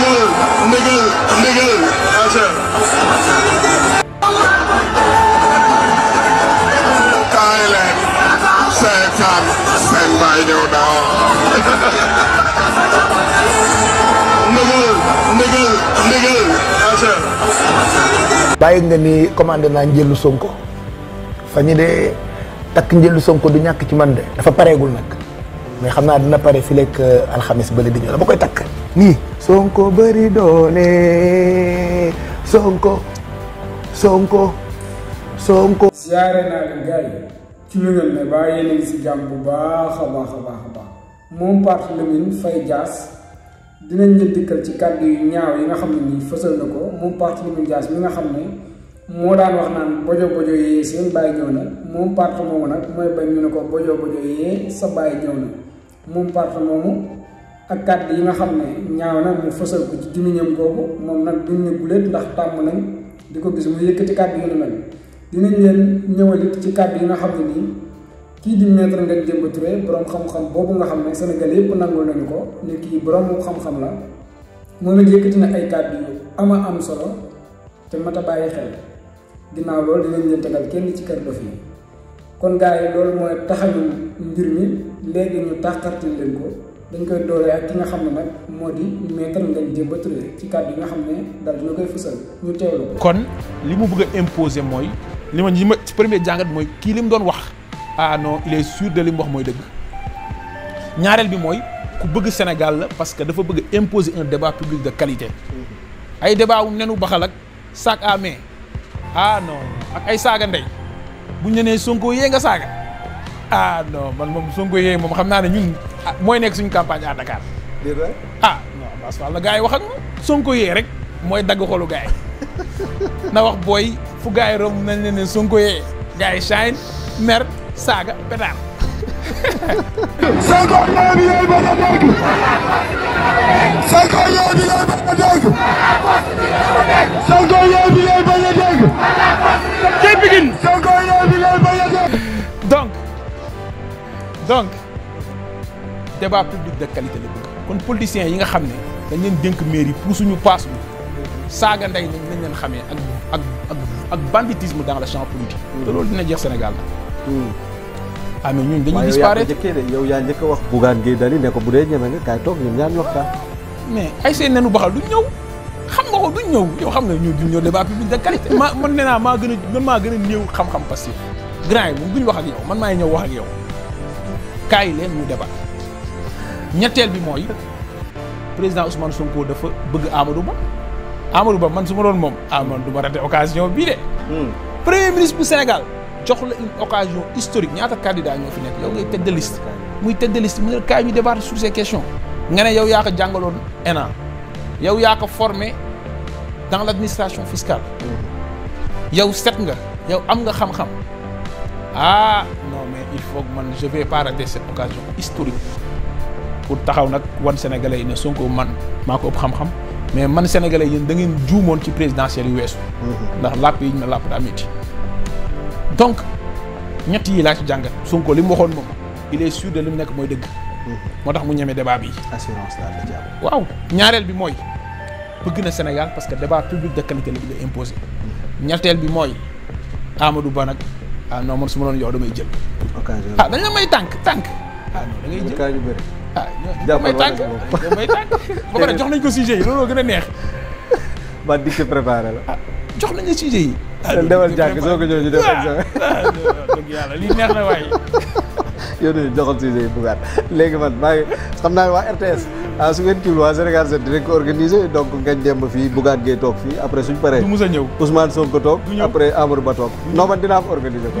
ndëgël ndëgël ndëgël aca kaay leen seetaan seen baay ñëw naa nga ni commandé naa njëlu Sonko Sonko du ci man de dafa mais dina fi Nih, Songko beri dole. Songko, Songko, Songko. siare na leen ci lu ne ba yene ci jam si bu baax a baax a baax a baax moom Pape Lamine Faye Dias dinañ leen dikkal ci kaddu yu ñaaw yi nga xamni ni nii nako mom part moom Pape jass mi nga xamni mo daan wax naan bojo bojo yee seen bay ñew na mom part moomu nak moy bañ ñu nako bojo bojo yee sa bay ñew na mom part momu ak kàddu yi nga xamne ñaaw na mu fësal ko ci gémmiñam googu mom nak duñ ne guléet ndax tam nañ di ko gis mu yëkkati kàddu yu ne mel dinañ leen ñëwalit ci kàddu yi nga xamne ni ki di maître Ngagne Demba Touré borom xam-xam bobu nga xamne Sénégal yépp nangul nañ ko ni ki borom xam-xam la moom it yëkkati na ay kàddu yu ama am solo te mata baye xel ginnaaw lool dinañ leen tegal kenn ci kër do fi kon gaay lool moy mooy taxañu mbir mi léegi ñu takkartu leen ko dañ koy dooree ak ki nga xam ne nag moo di maître Ngagne Demba Touré ci kàddu yi nga xam ne daal dina koy fësal kon li mu bëgg a imposer mooy li ma ñi ma ci premier jàngat mooy kii li mu doon wax ah non il est sûr de li wax mooy dëgg ñaareel bi mooy ku bëgg Sénégal la parce que dafa bëgg imposer un débat public de qualité ay débat wu nenu baxal ak sac à main ah ak ay saaga ndey bu ñu Sonko yee nga saaga ah non man moom Sonko yooyu moom xam naa ne ñun ah, mooy nekk suñu campagne à Dakar. ah non Abass Fall la gars yi wax Sonko yee rek mooy dagg xolu gars yi na wax booy fu gars yi romb nañ ne Sonko yee gars shine mer saaga pétard. Sonko yee bi yooyu ba nga dégg Sonko yee Sonko yee bi yooyu ba nga dégg donc débat public de qualité la bëgg kon politiciens yi nga xam ne dañ leen dénk mairie pour suñu paas bi saaga ndey nañ nañ leen xamee ak ak ak ak banditisme dans le champ politique. Mm. te loolu dina jeex Sénégal nag. Mm. ah mais ñun dañuy yow yaa njëkk a wax Bougane Gueye ko bu dee ñeme nga kaay toog ñun ñaan waxtaan. mais ay nenu baxal duñ ñëw xam nga ko duñ ñëw yow xam nga ñun duñ ñëw débat public de qualité. ma man nee maa gën a man xam-xam passif. grand yi moom duñ wax ak yow man maay ñëw wax ak yow. kaay leen ñu débat ñettel bi moy président Ousmane Sonko dafa bëgg Amadou Ba Amadou Ba man suma doon mom Amadou ah, Ba raté occasion bi dé hmm. premier ministre du Sénégal jox la une occasion historique ñaata candidat ñoo fi nekk yow ngay tedd liste. muy tedd liste mu ne kaay ñu débat sur ces questions. nga yow ya ko jangalon ENA yow ya ko formé dans l'administration fiscale. Hmm. yow set nga yow am nga xam-xam. ah non mais il faut que je vais pas rater cette occasion historique pour taxaw que sénégalais ne sont man moi, je xam mais les sénégalais yéen da gens ci mhm. ndax ont yi ñu donc il est sûr de mu mhm. débat bi. assurance daal la Sénégal parce que débat public de qualité est imposé mhm. Le imposer. bi Amadou ah non man su ma doon yow damay jël. occasion ah dañ la may tànk tànk. ah non jël ah damay tànk damay tànk ba jox nañ ko sujet yi looloo gën a neex. man dictée préparé la. Ah, jox nañ la sujet yi. ah jàng soo ko ñëw ñu def examen. yàlla lii neex na waaye. yow dañuy joxal si say bugaat léegi man maa ngi xam naa waa RTS ah, su ngeen kiiwul waa Sénégal set dinañ ko organiser donc ngañ dem fii bugaat gee toog fii après suñ paree. du mus a ñëw Ousmane Sonko toog. après Amadou Ba toog. non man dinaa fa organiser ko.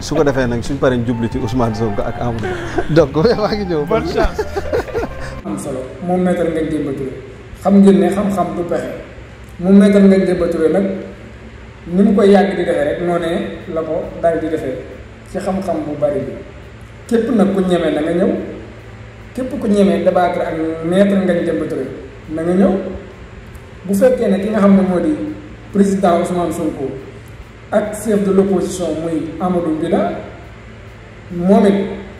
su ko defee nag suñ paree jublu ci Ousmane Sonko ak Amadou donc maa ngi ñëw. bonne chance. am solo moom maître Ngagne Demba Touré xam ngeen ne xam-xam du pexe moom maître Ngagne Demba Touré nag ni mu koy yàgg di defee rek noonee la ko daal di defee ci xam-xam bu bari bi képp nag ku ñeme na nga ñëw képp ku ñeme débattre ak maître Ngagne Demba Touré na nga ñëw bu fekkee ne ki nga xam ne moo di président Ousmane Sonko. ak chef de l'opposition muy bi Mbila moom it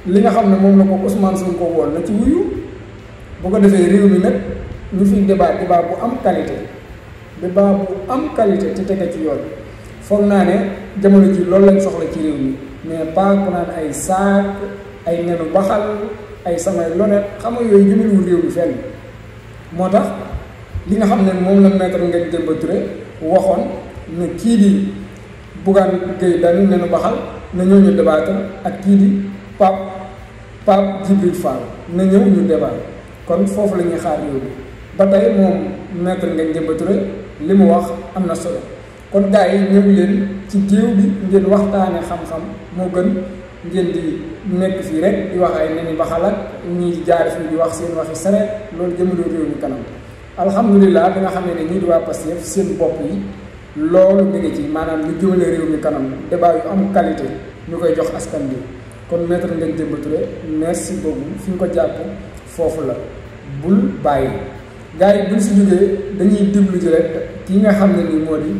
li nga xam ne moom la ko Ousmane ko woon na ci wuyu boo ko defee réew mi nag ñu fiy débat débat bu am qualité débat bu am qualité te tege ci yoon foog naa ne jamono ji loolu lañ soxla ci réew mi mais pas ku naan ay saak ay nenu baxal ay samay lonet xam nga yooyu jëmaliwul réew mi fenn moo tax li nga xam ne moom la maître Ngagne Demba Touré waxoon ne kii di Bougane Gueye Dany nenu baxal na ñëw ñu débattre ak kii di Pape Pape Djibril Fall na ñëw ñu kon foofu la ñuy xaar yooyu ba tey moom maître nga Demba Touré li mu wax am na solo kon gars yi ñëw leen ci géew bi ngeen waxtaane xam-xam moo gën ngeen di nekk fii rek di wax ay neni baxal ak ñi jaar fii di wax seen waxi sare loolu jëmaloo réew ñu kanam alhamdulilah bi nga xam ne ñii di waa Pastef seen bopp yi loolu mi ngi ci maanaam lu jëmale réew mi kanam débat yu am qualité ñu koy jox askan bi kon maître Ngagne Demba Touré merci beaucoup fi nga ko jàpp foofu la bul bàyyi gars yi buñ si jógee dañuy déglu ji rek ki nga xam ne ni moo di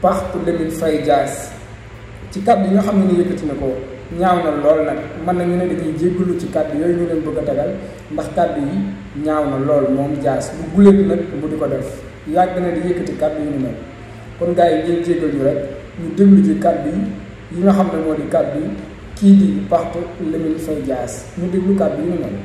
pax Pape Lamine fay jaas ci kàddu yi nga xam ne ni yëkkati na ko ñaaw na lool nag mën nañu ne dañuy jéggalu ci kàddu yooyu ñu leen bëgg a tegal ndax kàddu yi ñaaw na lool moom Dias bu guleet nag mu di ko def yàgg na di yëkkati kàddu yu kon gars yi ngeen jéggal ñu rek ñu déglu ci kàddu yi yi nga xam ne moo di kàddu yi kii di Pape Lamine Faye Dias ñu déglu kàddu yi ñu mel.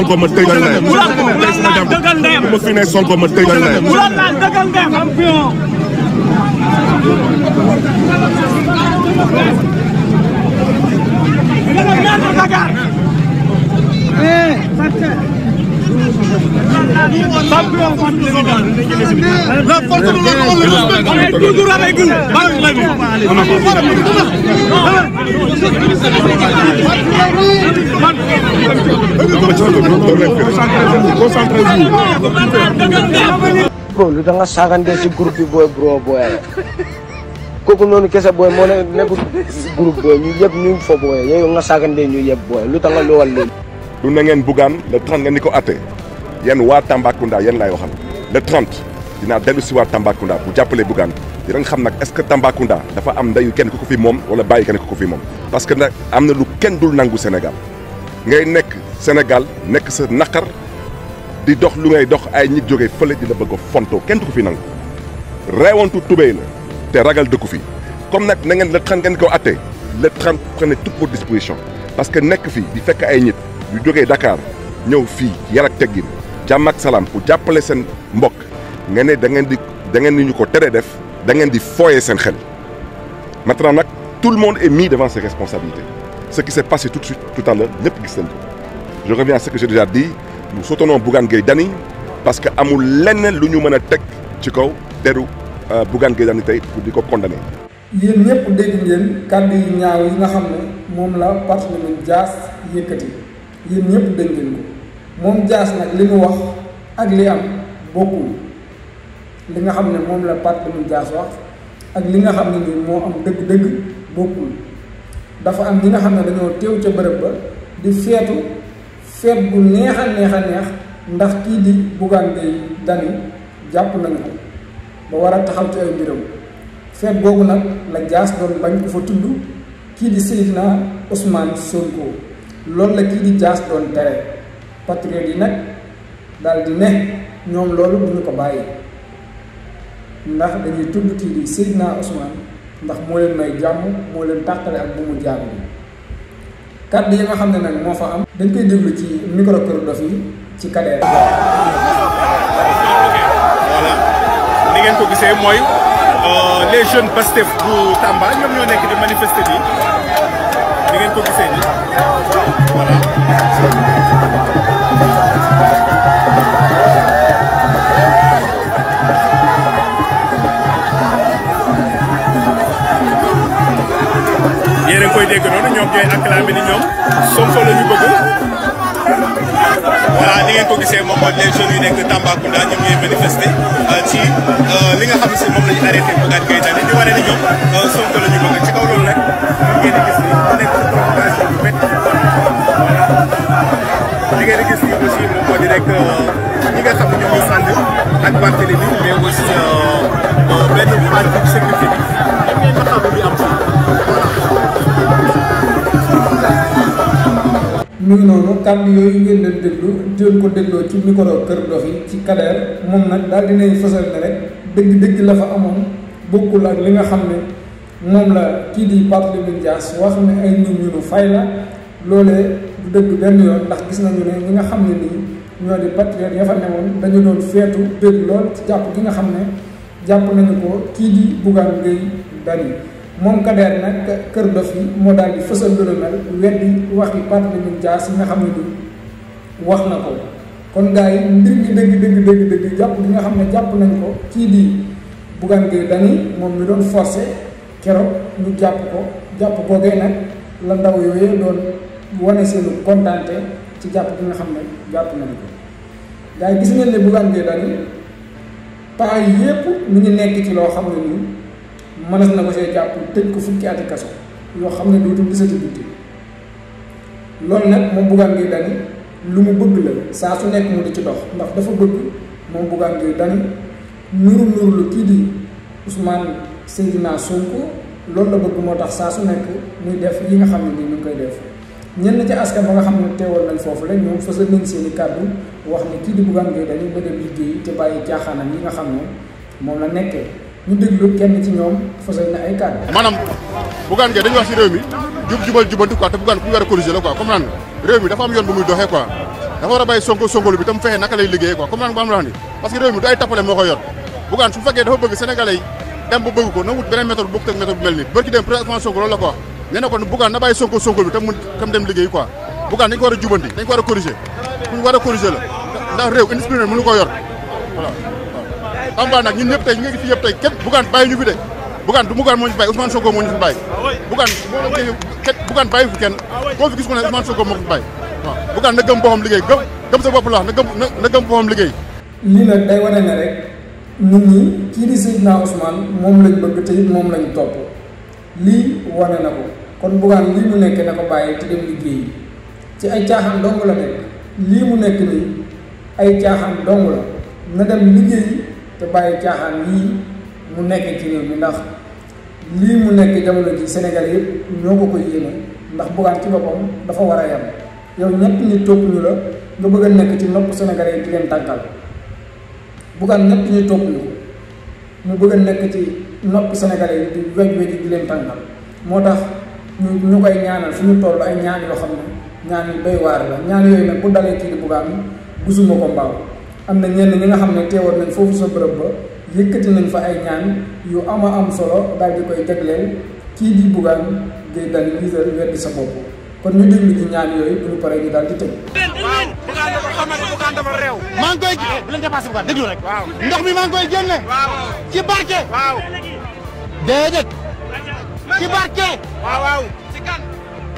Sonko ma tëj la ndeyam. ku ma fi ne Sonko ma tëj la ndeyam. Bro, lu udah ngasakan dia si grup boy bro boy Kok noonu kese kesa boy ne nego grup boy ñu yëpp ñu fa booy yow nga nyiap boy. ñu yëpp booy lu tax nga lowal lu du yéen waa Tambacounda yéen laay waxal le 30 dinaa dellu si waa Tambakunda bu jàppale Bougane di nga xam nag est-ce que Tambakunda dafa am ndeyu kenn ku ko fi moom wala bàyyi kenn ku ko fi moom. parce que nag am lu kenn dul nangu Sénégal ngay nek Sénégal nek sa nakar di dox lu ngay dox ay nit joge fele di la bëgg a fontoo kenn du ko fi nang rewontu tubéy la te ragal de ko fi comme nak na ngeen le 30 ngeen ko attee le 30 prenez toutes vos dispositions parce que nek fi di fekk ay nit yu joge Dakar ñew fi yarak ak jàmm salam pour jàppale seen mbokk nga né da ngeen di da ngeen niñu ko téré def da ngeen di foyé sen xel maintenant nak tout le monde est mis devant ses responsabilités ce qui s'est passé tout de suite tout à l'heure ñëpp gis nañ je reviens à ce que j'ai déjà dit nous soutenons Bougane Gueye Dany parce que amul lenn luñu mëna tek ci kaw deru euh, Bougane Gueye Dany tay pour diko condamner. yeen ñepp dégg ngeen kàddu yu ñaaw yi nga xam ne moom la Barthélémy jass yëkkati yeen ñepp dégg ngeen ko. moom jaas nag li mu wax ak li am bokkul li nga xam ne moom la Pape mu Dias wax ak li nga xam ne nii moo am dëgg-dëgg bokkul dafa am ñi nga xam ne dañoo teew ca bërëb ba di feetu feet bu neex a neex a neex ndax kii di Bougane Gueye Dany jàpp nañu ko ba war a taxaw ci ay mbiram feet boobu nag la Dias doon bañ ko fa tudd kii di Seydina Ousmane Sonko loolu la kii di Dias doon tere patriote yi nak dal di ne ñom lolu bu ko bàyyi ndax dañuy tuddu ti di Seydina usman ndax mo leen may jamm mo leen takale ak bu mu jamm kàddu yi nga xamne nak mo fa am dañ koy deglu ci micro kër dof yi ci cadre voilà ni ngeen ko gisee mooy euh, les jeunes pastef bu Tamba ñom ñoo nekk di manifester bi ni ngeen ko gisee nii voilà. yéen a koy dégg noonu ñoom ñooy acclamé ni ñoom Sonko la ñu bëgg voilà ni ngeen ko gisee moom mooy les jeunes yu nekk Tambacounda ñu ngi manifester euh, ci euh, li nga xam si moom la ñu arrêté Bougane Gueye Dany di wane ni ñoom. Euh, doon ko dégloo ci micro kër dof yi ci kadeer moom nag daal dinañ fësal ne rek dëgg dëgg la fa amoon bokkul ak li nga xam ne moom la kii di Barthélémy Dias wax ne ay ñun ñu nu fay la loolee du dëgg benn yoon ndax gis nañu ne ñi nga xam ne nii ñoo di patriote ya fa newoon dañu doon feetu dëgg lool ci jàpp gi nga xam ne jàpp nañu ko kii di bugaan ngay dani moom kadeer nag kër dof yi moo daal di fësal lu mel weddi waxi Barthélémy Dias yi nga xam ne wax na ko kon gars yi mbir mi dëgg dëgg dëgg jàpp gi nga xam ne jàpp nañ ko kii di Bougane Gueye Dany moom mi doon forcé keroog ñu jàpp ko jàpp googee nag la ndaw yooyu doon wane seenu kontaante ci jàpp gi nga xam ne jàpp nañ ko gars yi gis ngeen ne Bougane Gueye Dany paa yi yépp mu ngi nekk ci loo xam ne nii mënees na ko see jàpp tëj ko fukki ati kaso yoo xam ne dootul gisati butte loolu nag moom Bougane Gueye Dany lu mu bëgg la saa su nekk mu di ci dox ndax dafa bëgg moom Bougane Gueye Dany nuru nuru lu kii di Ousmane Seydina Sonko loolu la bëgg moo tax saa su nekk muy def yi nga xam ne nii ñu ngi koy def ñenn ci askan ba nga xam ne teewoon nañ foofu la ñoom fësal nañ seen i kàddu wax ne kii di Bougane Gueye Dany ba dem liggéey te bàyyi caaxaanam yi nga xam ne moom la nekkee ñu déglu kenn ci ñoom fësal na ay kàddu. maanaam Bougane Gueye dañuy wax si réew mi jub jubal jubanti te Bougane ku ñu a corriger la quoi comme naan réew mi dafa am yoon muy doxee quoi dafa war a sonko sonkolu bi tam fexe naka lay liggéeyee quoi comme naan ba am mi du ay tappale moo koy yor Bougane su dafa bëgg sénégalais dem bu bëgg ko na wut beneen méthode bu teg méthode bu ni bërki dem président Sonko loolu la ko wax nee na sonko sonkolu bi tam mu tam dem liggéey quoi Bougane dañ ko war a jubanti dañ ko war a corriger kuñ war a corriger la ndax réew indiscipliné mënu ko yor voilà yëpp de bukan bukan mo moo Ousmane Sonko mo ñu fi ah bukan ah bukan Bougane bàyyi fi kenn koo ah fi gis ko ne Ousmane Sonko mo ko bukan na gëm boppam liggéey gëm gëm sa bop la na gëm na gëm boppam liggéey nii nag day wone ne rek nit ñi ki di Seydina Ousmane mom lañ bëgg te it moom lañ top li wone na ko kon Bougane li mu nekk na ko bàyyi te dem liggéey ci ay tiaxam dong la nek li mu nekk ni ay tiaxam dong la na dem liggéey te baye tiaxam yi mu nekk ci réew mi ndax lii mu nekk jamono ji Sénégal yëpp ñoo ko ko yéene ndax Bougane ci boppam dafa war a yem yow ñett ñi topp ñu la nga bëgg a nekk ci nopp Sénégalais yi di leen tànkal Bougane mu bëgg nekk ci nopp Sénégalais di wej wej di leen tànkal moo tax ñu ñu koy ñaanal fu ñu toll ay ñaan yoo xam ne ñaan yu doy waar la ñaan yooyu nag bu dalee kii di Bougane ko mbaaw am na ñenn ñi nga xam ne teewoon nañ foofu sa bërëb ba yëkkati nañ fa ay ñaan yu ama am solo dal di koy jagleel ki di bugaan ngay dal wër weddi sa bopp kon ñu dëgg ci ñaan yoy bu ñu paré ñu dal di tëj waaw bugaan dafa xamante bugaan dafa réew maa ngi koy bu leen dépassé bugaan déglu rek waaw ndox mi maa ngi koy génne waaw ci barke waaw déedéet ci barke waaw waaw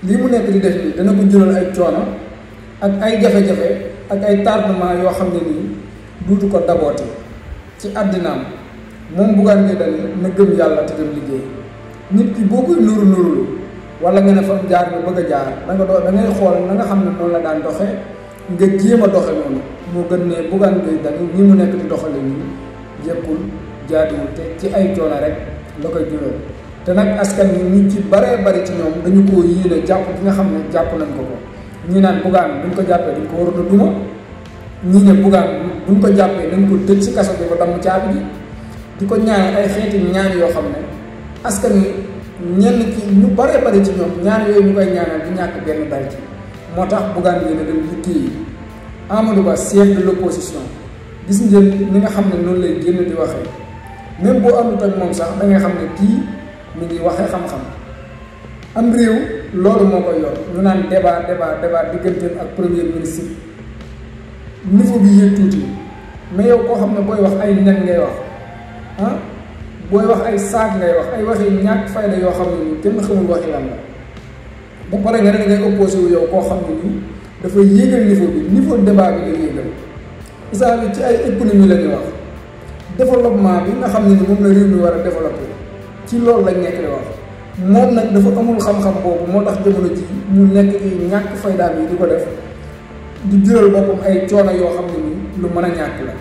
lii mu nekk di def nii dana ko jural ay coono ak ay jafe-jafe ak ay tardement yoo xam ne nii duutu ko dabooti ci àddinaam moom Bougane Gueye Dany na gëm yàlla te nit ki boo koy nuru nurulu wala nga ne fa jaar nga jaar da nga doo da ngay na nga xam ne noonu la daan doxee nga jéem a doxe noonu gën ne Bougane Gueye Dany ni mu nekk di doxale nii jéppul jaaduwul te ci ay coono rek la koy jural te nag askan wi ñu ci baree bari ci ñoom dañu koo yéene jàpp ki nga xam ne jàpp nañ ko ko ñi naan bugaan duñ ko jàppee duñ ko waroon a duma ñii ne bugaan buñ ko jàppee dañ ko tëj ci kaso bi ko damm caabi ji di ko ñaan ay xeeti ñaan yoo xam ne askan wi ñenn ci ñu baree bari ci ñoom ñaan yooyu ñu koy ñaanal di ñàkk benn bari ci moo tax bugaan yéene dem liggéey yi Amadou Ba chef de l'opposition gis ngeen ni nga xam ne noonu lay génn di waxee même boo amut ak moom sax da nga xam ne kii ñu ngi waxee xam-xam am réew loolu moo koy yor ñu naan débat débat débat digganteem ak premier ministre niveau bi yéeg tuuti mais yow koo xam ne booy wax ay nen ngay wax ah booy wax ay saag ngay wax ay waxi ñàkk fayda yoo xam ne nii kenn xamul waxi lan la ba pare nga ne ngay opposé wu yow koo xam ne nii dafay yéegal niveau bi niveau débat bi lay yéegal isaa ci ay économie la ñuy wax développement bi nga xam ne ni moom na réew mi war a développé ci loolu lañ nekk di wax moom nag dafa amul xam-xam boobu moo tax jamono ji ñu nekk ci ñàkk faydaal yi di ko def di jural boppam ay coono yoo xam ne ni lu mën a ñàkk la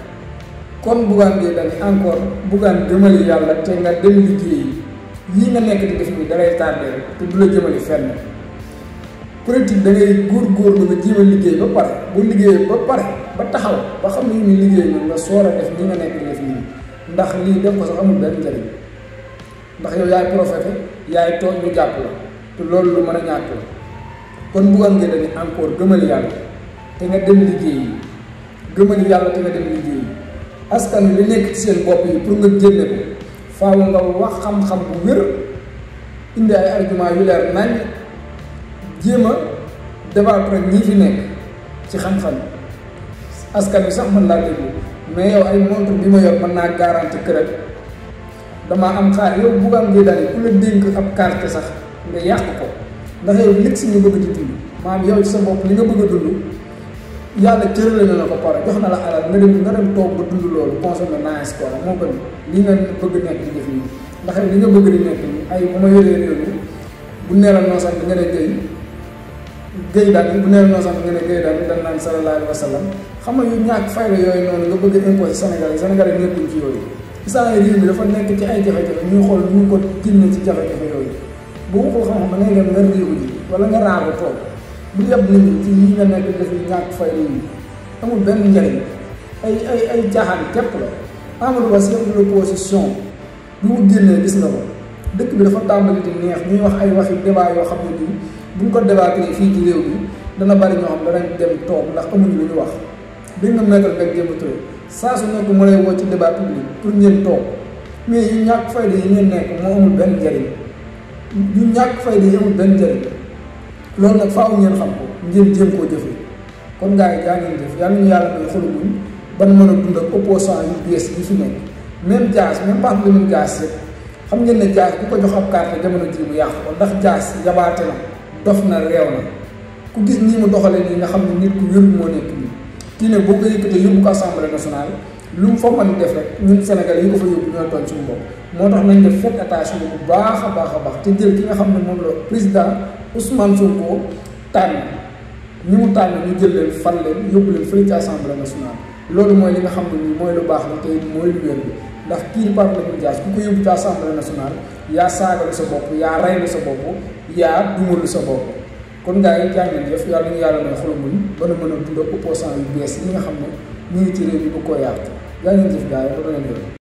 kon bugaan ngay dañ encore bugaan gëmali yàlla te nga dem liggéey yi nga nekk di def ni da dalay tardeel te du la jëmali fenn politique da ngay góorgóorlu nga jéem a liggéey ba pare bu liggéey ba pare ba taxaw ba xam ni ñu liggéey moom nga soor a def ni nga nekk def nii ndax lii dem ko sax amul benn njëriñ ndax yow yaay prophète yaay tooñ ñu jàpp la te loolu lu mën a ñàkk la kon buggal nga dañu encore gëmal yàlla te nga dem liggéeyi gëmal yàlla te nga dem liggéeyi askan li nekk ci seen bopp yi pour nga génne ko faaw nga wax xam-xam bu wér indi ay argument yu leer nañ jéem a débattre ñi fi nekk ci xam-xam askan bi sax mën laa déglu mais yow ay montre bi ma yor mën naa garanti kërëg damaa am xaar yow buggaan ngay daal ku la dénk ab carte sax nga yàq ko ndax yow si nga bëgg di dund maanaam yow ci sa bopp li nga bëgg a dund yàlla cërale na la ko pare jox na la alal nga dem nga dem toog ba dund loolu consommé naes quoi moo gën li nga bëgg di def nii nga bëgg di nekk nii bu ma yoree réew mi bu neeral noo bi nga ne géy géy daal bu neeral noo sax bi nga ne naan sallallahu alayhi xam nga yu ñàkk fayda yooyu noonu nga bëgg imposé Sénégal yi Sénégal yi nekkuñ ci yooyu saa yu réew mi dafa nekk ci ay jafe-jafe ñuy xool ñu ko génne ci jafe-jafe yooyu boobu ko xam-xam da ngay dem nga réewu ji wala nga raaru tool bu yab nit ñi ci yi nga nekk def amul benn njariñ ay ay ay caaxaan képp la Amadou Ba chef de l'opposition bi mu génnee gis na ko dëkk bi dafa tàmbali di neex ñuy wax ay waxi débat yoo xam ne bii bu ñu ko débatté fii ci réew mi dana bari ñoo xam danañ dem toog ndax amuñu lu ñu wax dégg nga maître Ngagne Demba saa su nekk mu lay woo ci débat public pour ngeen toog mais yu ñàkk fayda yi ngeen nekk moo amul benn njëriñ yu ñàkk fayda yi amul benn njëriñ loolu nag faaw ngeen xam ko ngeen jéem koo jëfe kon gars yi jaa ngeen jëf ban mën dund ak opposant yu bees yi fi nekk même jaas même baax lu mu jaas yëpp xam ngeen ne jaas bu ko jox ab carte jamono ji mu yàq ko ndax jaas yabaate na dof na réew na ku gis nii mu doxale nii nga xam ne nit ku wér moo nekk nii kii nag boo ko yëkkatee yóbbu ko assemblée nationale lu fa mën def rek ñun Sénégal yi ko fa yóbbu ñoo tooñ suñu bopp moo tax nañ def fekk attention bu baax a baax a baax te jël ki nga xam ne moom la président Ousmane Sonko tànn ñu mu tànn ñu jël leen fal leen yóbbu leen fële ci assemblée nationale loolu mooy li nga xam ne nii mooy lu baax la tey mooy lu wér bi ndax kii di Pape Lamine Dias ku ko yóbbu ci assemblée nationale yaa saagal sa bopp yaa raylu sa bopp yaa dumalu sa bopp kon gars yi jàngeen jëf yàlla ñu yàlla may xolu muñ mën a mën a dund ak yu bees yi nga xam ne ñu ngi ci bu ko yàq jàngeen jëf gars yi ba beneen yoon